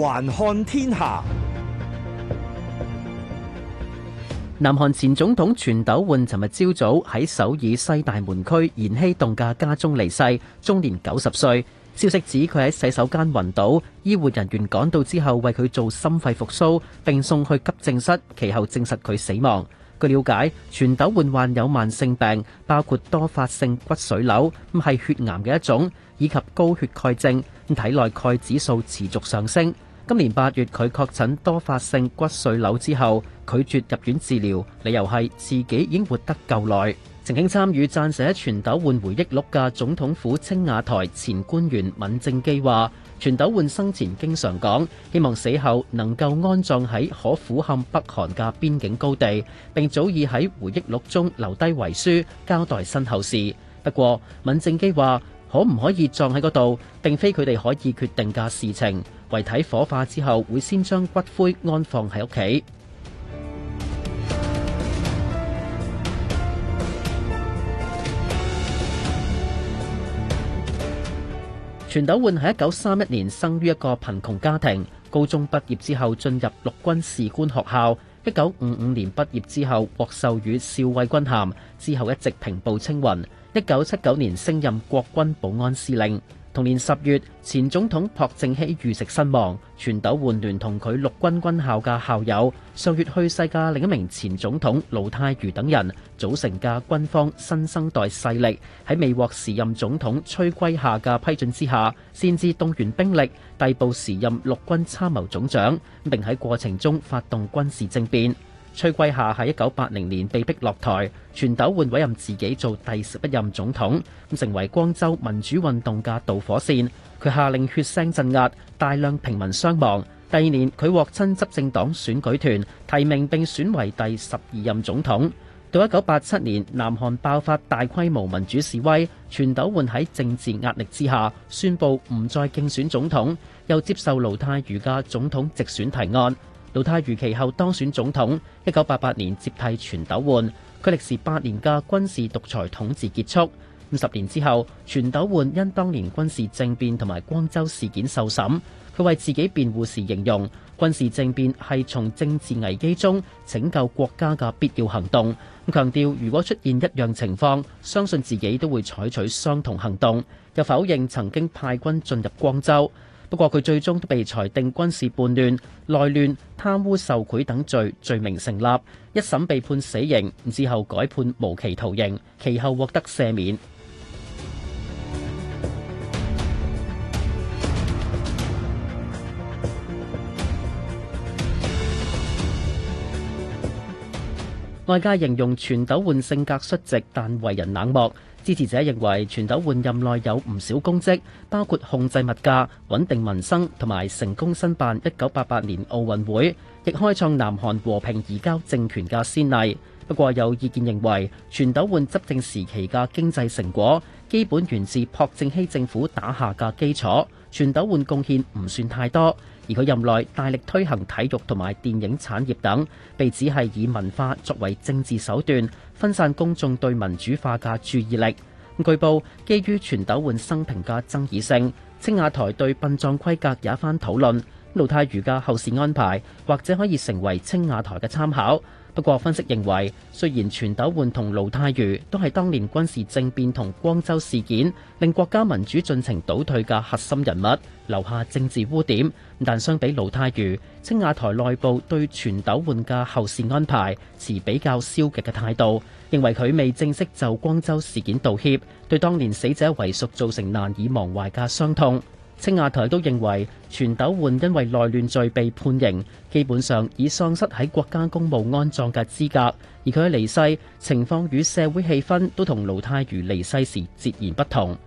環看天下，南韓前總統全斗煥尋日朝早喺首爾西大門區延禧洞嘅家中離世，終年九十歲。消息指佢喺洗手間暈倒，醫護人員趕到之後為佢做心肺復蘇，並送去急症室，其後證實佢死亡。據了解，全斗煥患，患有慢性病，包括多發性骨髓瘤，咁係血癌嘅一種，以及高血鈣症，咁體內鈣指數持續上升。今年八月，佢確診多發性骨髓瘤之後，拒絕入院治療，理由係自己已經活得夠耐。曾經參與撰寫《全斗煥回憶錄》嘅總統府青瓦台前官員敏正基話，全斗煥生前經常講，希望死後能夠安葬喺可俯瞰北韓嘅邊境高地。並早已喺回憶錄中留低遺書交代身後事。不過，敏正基話，可唔可以葬喺嗰度？並非佢哋可以決定嘅事情。遺體火化之後，會先將骨灰安放喺屋企。全斗煥喺一九三一年生於一個貧窮家庭，高中畢業之後進入陸軍士官學校，一九五五年畢業之後獲授予少尉軍銜，之後一直平步青雲，一九七九年升任國軍保安司令。同年十月，前總統朴正熙遇刺身亡，全斗煥聯同佢陸軍軍校嘅校友、上月去世嘅另一名前總統盧泰愚等人組成嘅軍方新生代勢力，喺未獲時任總統崔圭夏嘅批准之下，先至動員兵力逮捕時任陸軍參謀總長，並喺過程中發動軍事政變。崔圭夏喺一九八零年被逼落台，全斗煥委任自己做第十一任總統，咁成為光州民主運動嘅導火線。佢下令血腥鎮壓，大量平民傷亡。第二年佢獲親執政黨選舉團提名，並選為第十二任總統。到一九八七年，南韓爆發大規模民主示威，全斗煥喺政治壓力之下宣布唔再競選總統，又接受盧泰愚嘅總統直選提案。盧泰愚其後當選總統，一九八八年接替全斗煥，佢歷時八年嘅軍事獨裁統治結束。五十年之後，全斗煥因當年軍事政變同埋光州事件受審，佢為自己辯護時形容軍事政變係從政治危機中拯救國家嘅必要行動，強調如果出現一樣情況，相信自己都會採取相同行動，又否認曾經派軍進入光州。不過佢最終都被裁定軍事叛亂、內亂、貪污受賄等罪，罪名成立，一審被判死刑，之後改判無期徒刑，其後獲得赦免。外界形容全斗煥性格率直，但為人冷漠。支持者認為全斗煥任內有唔少功績，包括控制物價、穩定民生，同埋成功申辦一九八八年奧運會，亦開創南韓和平移交政權嘅先例。不過有意見認為，全斗煥執政時期嘅經濟成果基本源自朴正熙政府打下嘅基礎。全斗煥貢獻唔算太多，而佢任內大力推行體育同埋電影產業等，被指係以文化作為政治手段，分散公眾對民主化嘅注意力。據報，基於全斗煥生平嘅爭議性，青瓦台對殯葬規格有一番討論。盧泰愚嘅後事安排，或者可以成為青瓦台嘅參考。不過，分析認為，雖然全斗煥同盧泰愚都係當年軍事政變同光州事件令國家民主進程倒退嘅核心人物，留下政治污點，但相比盧泰愚，青瓦台內部對全斗煥嘅後事安排持比較消極嘅態度，認為佢未正式就光州事件道歉，對當年死者遺屬造成難以忘懷嘅傷痛。青瓦台都認為，全斗煥因為內亂罪被判刑，基本上已喪失喺國家公務安葬嘅資格，而佢嘅離世情況與社會氣氛都同盧泰愚離世時截然不同。